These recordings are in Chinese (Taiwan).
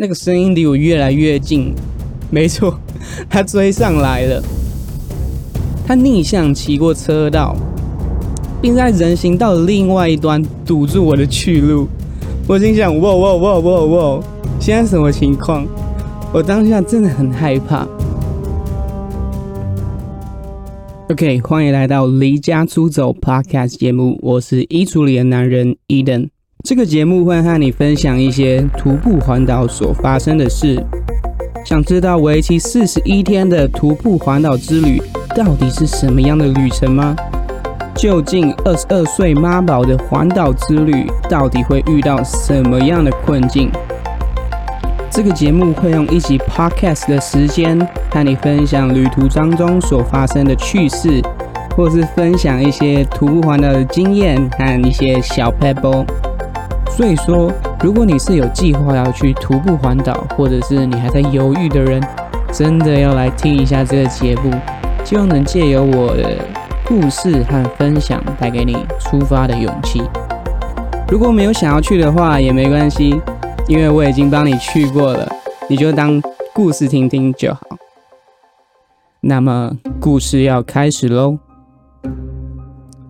那個聲音離我越來越近，沒錯，他追上來了。他逆向騎過車道，並在人行道的另外一端堵住我的去路。我心想：哇哇哇哇哇！現在什麼情況？我當下真的很害怕。OK，歡迎來到《離家出走》Podcast 節目，我是衣櫥裡的男人 Eden。這個節目會和你分享一些徒步環島所發生的事。想知道為期四十一天的徒步環島之旅到底是什麼樣的旅程嗎？究竟二十二歲媽寶的環島之旅到底會遇到什麼樣的困境？這個節目會用一集 podcast 的時間和你分享旅途當中所發生的趣事，或是分享一些徒步環島的經驗和一些小撇步。所以說，如果你是有計劃要去徒步環島，或者是你還在猶豫的人，真的要來聽一下這個節目，希望能借由我的故事和分享，帶給你出發的勇氣。如果沒有想要去的話，也沒關係，因為我已經幫你去過了，你就當故事聽聽就好。那麼故事要開始嘍，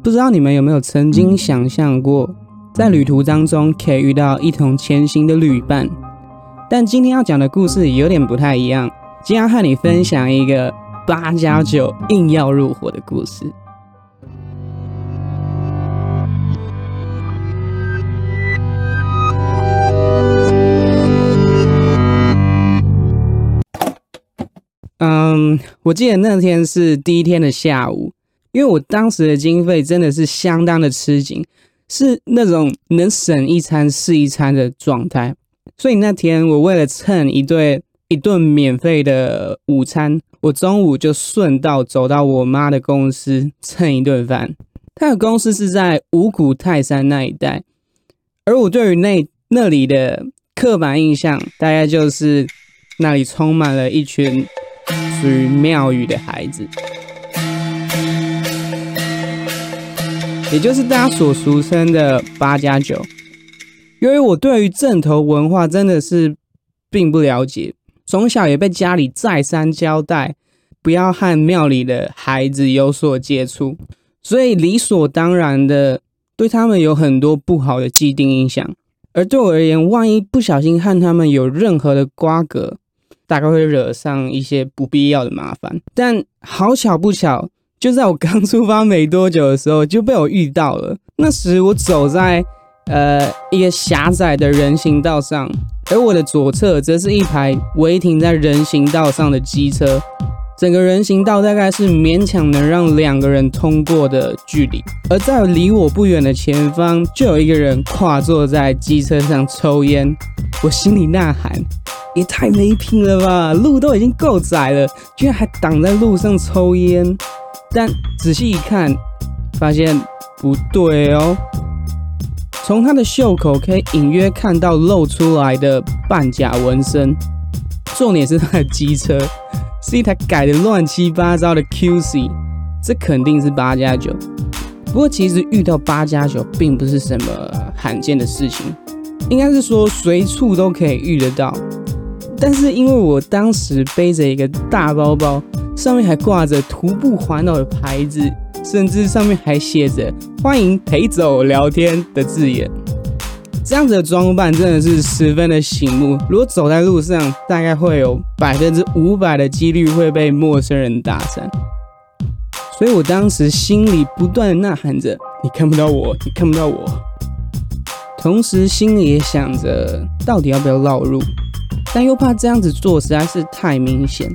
不知道你們有沒有曾經想象過？在旅途當中，可以遇到一同前行的旅伴，但今天要講的故事有點不太一樣。今天要和你分享一個八加九硬要入夥的故事。嗯，um，我記得那天是第一天的下午，因為我當時的經費真的是相當的吃緊。是那種能省一餐，是一餐的狀態，所以那天我為了蹭一頓一頓免費的午餐，我中午就順道走到我媽的公司蹭一頓飯。她的公司是在五股泰山那一帶，而我對於那那裡的刻板印象，大概就是那裡充滿了一群屬於廟宇的孩子。也就是大家所俗稱的八加九，9，由於我對於陣頭文化真的是並不了解，從小也被家裡再三交代，不要和廟裡的孩子有所接觸，所以理所當然的對他們有很多不好的既定印象。而對我而言，萬一不小心和他們有任何的瓜葛，大概會惹上一些不必要的麻煩。但好巧不巧。就在我剛出發沒多久的時候，就被我遇到了。那時我走在呃一個狹窄的人行道上，而我的左側則是一排違停在人行道上的機車。整個人行道大概是勉強能讓兩個人通過的距離。而在離我不遠的前方，就有一個人跨坐在機車上抽菸。我心裡吶喊：也太沒品了吧！路都已經夠窄了，居然還擋在路上抽菸。但仔細一看，發現不對哦。從他的袖口可以隱約看到露出來的半甲紋身。重點是他的機車是一台改得亂七八糟的 QC，這肯定是八加九。不過其實遇到八加九並不是什麼罕見的事情，應該是說隨處都可以遇得到。但是因為我當時背着一個大包包，上面還掛着徒步環島的牌子，甚至上面還寫着“歡迎陪走聊天”的字眼，這樣子的裝扮真的是十分的醒目。如果走在路上，大概會有百分之五百的幾率會被陌生人搭訕。所以我當時心裡不斷的吶喊着：“你看不到我，你看不到我。”同時心裡也想着，到底要不要繞路。但又怕這樣子做實在是太明顯。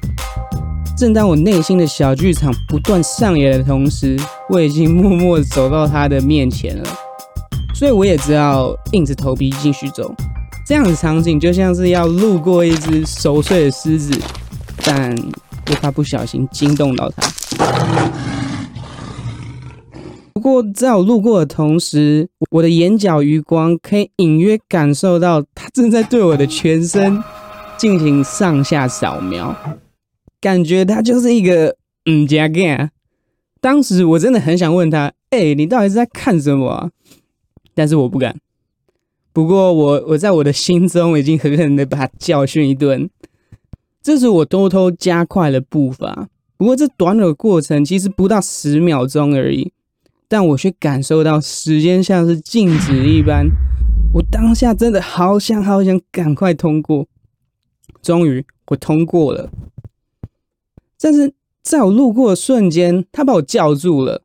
正當我內心的小劇場不斷上演的同時，我已經默默走到他的面前了。所以我也只好硬着頭皮繼續走。這樣的場景就像是要路過一隻熟睡的獅子，但又怕不小心驚動到它。不過在我路過的同時，我的眼角餘光可以隱約感受到他正在對我的全身。進行上下掃描，感覺他就是一個嗯假 gay。當時我真的很想問他：“哎、欸，你到底是在看什麼啊？”但是我不敢。不過我我在我的心中已經很狠狠的把他教訓一頓。這時我偷偷加快了步伐。不過這短短過程其實不到十秒鐘而已，但我卻感受到時間像是靜止一般。我當下真的好想好想趕快通過。終於我通過了，但是在我路過的瞬間，他把我叫住了。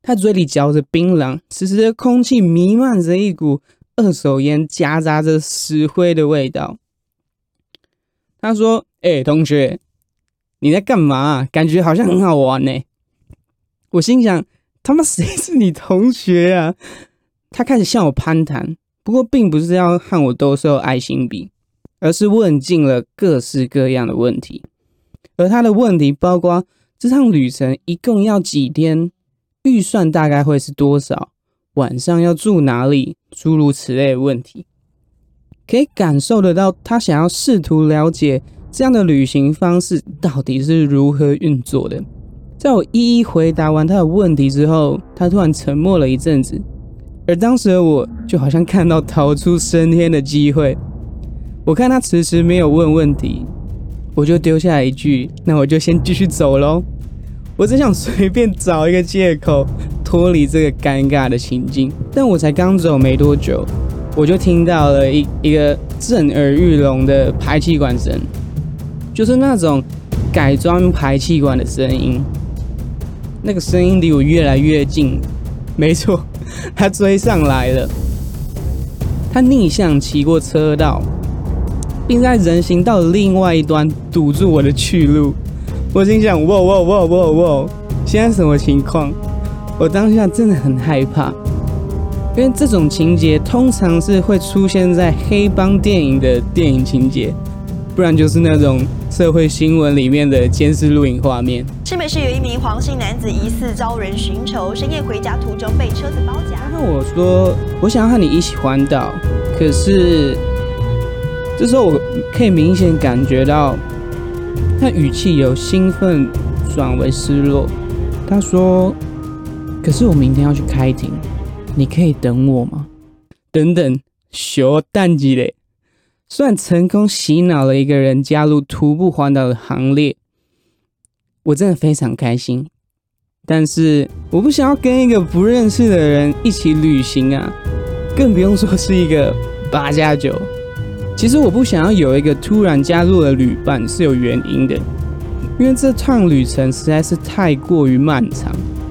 他嘴裡嚼着檳榔，此時的空氣彌漫着一股二手煙夾雜着石灰的味道。他說：“哎、欸，同學，你在幹嘛？感覺好像很好玩呢、欸。”我心想：“他媽，誰是你同學啊？”他開始向我攀談，不過並不是要和我兜售愛心筆。而是問盡了各式各樣的問題，而他的問題包括：這趟旅程一共要幾天？預算大概會是多少？晚上要住哪裡？諸如此類的問題，可以感受得到他想要試圖了解這樣的旅行方式到底是如何運作的。在我一一回答完他的問題之後，他突然沉默了一陣子，而當時的我就好像看到逃出生天的機會。我看他遲遲沒有問問題，我就丟下一句：“那我就先繼續走嘍。”我只想隨便找一個借口脫離這個尷尬的情境。但我才剛走沒多久，我就聽到了一一個震耳欲聾的排氣管聲，就是那種改裝排氣管的聲音。那個聲音離我越來越近，沒錯，他追上來了。他逆向騎過車道。並在人行道的另外一端堵住我的去路，我心想：哇哇哇哇哇！現在什麼情況？我當下真的很害怕，因為這種情節通常是會出現在黑幫電影的電影情節，不然就是那種社會新聞裡面的監視錄影畫面。新北市有一名黃姓男子疑似遭人尋仇，深夜回家途中被車子包夾。那我說：我想要和你一起環島，可是。這時候我可以明顯感覺到，他語氣由興奮轉為失落。他說：“可是我明天要去開庭，你可以等我嗎？”等等，學淡季嘞。雖然成功洗腦了一個人加入徒步環島的行列，我真的非常開心。但是我不想要跟一個不認識的人一起旅行啊，更不用說是一個八加九。其實我不想要有一個突然加入了旅伴是有原因的，因為這趟旅程實在是太過於漫長。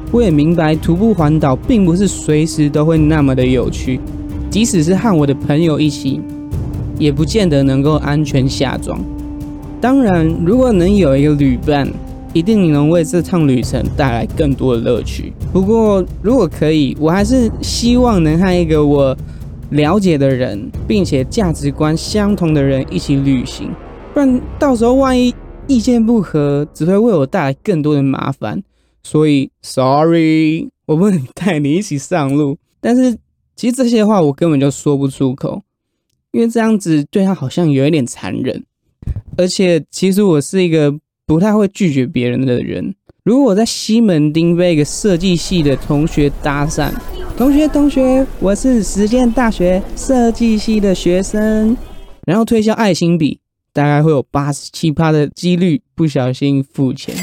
我也明白徒步環島並不是隨時都會那麼的有趣，即使是和我的朋友一起，也不見得能夠安全下莊。當然，如果能有一個旅伴，一定能為這趟旅程帶來更多的樂趣。不過，如果可以，我還是希望能和一個我。了解的人，並且價值觀相同的人一起旅行，不然到時候萬一意見不合，只會為我帶來更多的麻煩。所以，sorry，我不能帶你一起上路。但是，其實這些話我根本就說不出口，因為這樣子對他好像有一點殘忍。而且，其實我是一個不太會拒絕別人的人。如果我在西門町被一個設計系的同學搭訕，同學，同學，我是實踐大學設計系的學生。然後推銷愛心筆，大概會有八十七趴的幾率不小心付錢。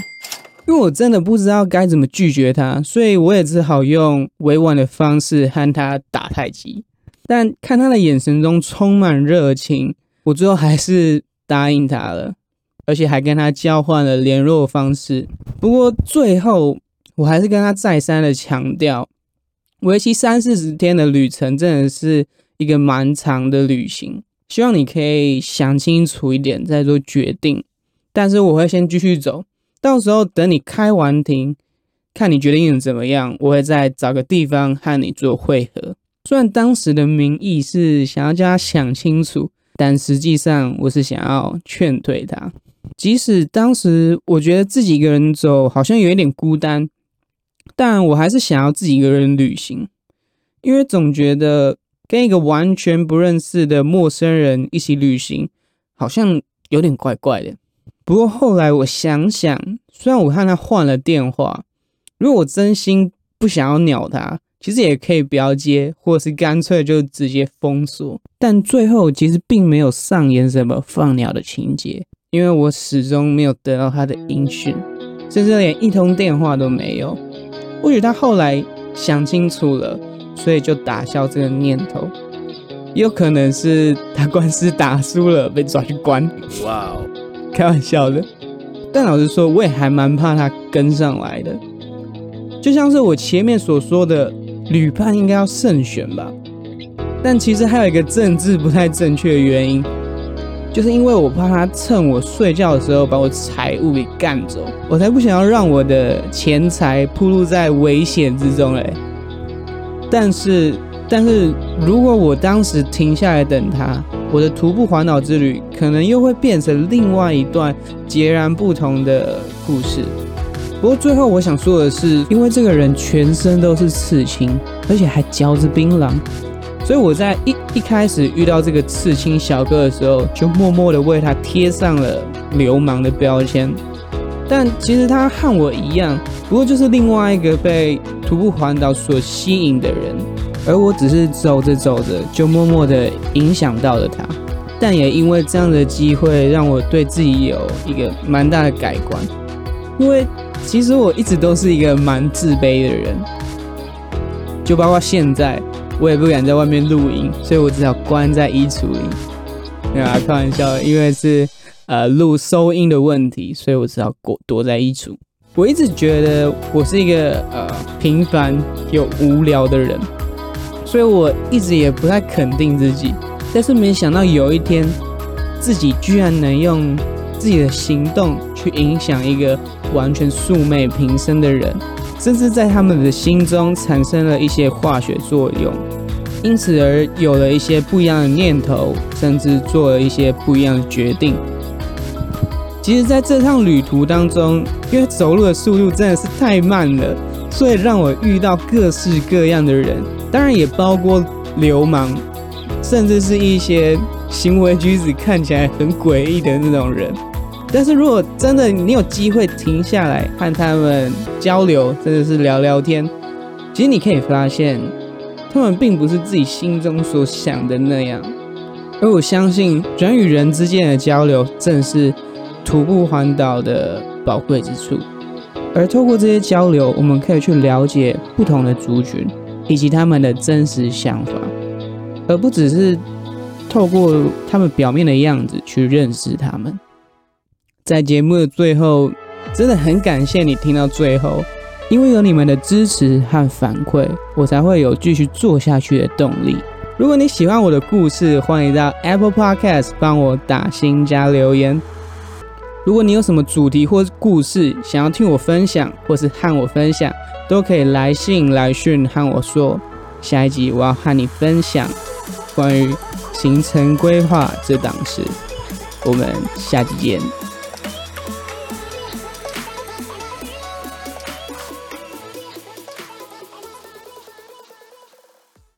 因為我真的不知道該怎麼拒絕他，所以我也只好用委婉的方式和他打太極。但看他的眼神中充滿熱情，我最後還是答應他了，而且還跟他交換了聯絡方式。不過最後，我還是跟他再三的強調。為期三四十天的旅程真的是一個蠻長的旅行，希望你可以想清楚一點再做決定。但是我會先繼續走，到時候等你開完庭，看你決定的怎麼樣，我會再找個地方和你做會合。雖然當時的名義是想要叫他想清楚，但實際上我是想要勸退他。即使當時我覺得自己一個人走好像有一點孤單。但我還是想要自己一個人旅行，因為總覺得跟一個完全不認識的陌生人一起旅行，好像有點怪怪的。不過後來我想想，雖然我和他換了電話，如果真心不想要鳥他，其實也可以不要接，或是乾脆就直接封鎖。但最後其實並沒有上演什麼放鳥的情節，因為我始終沒有得到他的音訊，甚至連一通電話都沒有。或許他後來想清楚了，所以就打消這個念頭。也有可能是他官司打輸了，被抓去關。哇哦，開玩笑的。但老實說，我也還蠻怕他跟上來的。就像是我前面所說的，旅伴應該要慎選吧。但其實還有一個政治不太正確的原因。就是因為我怕他趁我睡覺的時候把我財物給幹走，我才不想要讓我的錢財暴露在危險之中誒，但是，但是如果我當時停下來等他，我的徒步環島之旅可能又會變成另外一段截然不同的故事。不過最後我想說的是，因為這個人全身都是刺青，而且還嚼着檳榔。所以我在一一開始遇到這個刺青小哥的時候，就默默的為他貼上了流氓的標籤。但其實他和我一樣，不過就是另外一個被徒步環島所吸引的人。而我只是走着走着，就默默的影響到了他。但也因為這樣的機會，讓我對自己有一個蠻大的改觀。因為其實我一直都是一個蠻自卑的人，就包括現在。我也不敢在外面錄音，所以我只好關在衣櫥裡。沒有啊，開玩笑，因為是呃錄收音的問題，所以我只好躲躲在衣櫥。我一直覺得我是一個呃平凡又無聊的人，所以我一直也不太肯定自己。但是沒想到有一天，自己居然能用自己的行動去影響一個完全素昧平生的人。甚至在他們的心中產生了一些化學作用，因此而有了一些不一樣的念頭，甚至做了一些不一樣的決定。其實，在這趟旅途當中，因為走路的速度真的是太慢了，所以讓我遇到各式各樣的人，當然也包括流氓，甚至是一些行為舉止看起來很詭異的那種人。但是如果真的你有機會停下來和他們交流，甚至是聊聊天，其實你可以發現，他們並不是自己心中所想的那樣。而我相信，人與人之間的交流正是徒步環島的寶貴之處。而透過這些交流，我們可以去了解不同的族群以及他們的真實想法，而不只是透過他們表面的樣子去認識他們。在節目的最後，真的很感謝你聽到最後，因為有你們的支持和反饋，我才會有繼續做下去的動力。如果你喜歡我的故事，歡迎到 Apple Podcast 幫我打星加留言。如果你有什麼主題或故事想要聽我分享，或是和我分享，都可以來信來訊和我說。下一集我要和你分享關於行程規劃這檔事。我們下集見。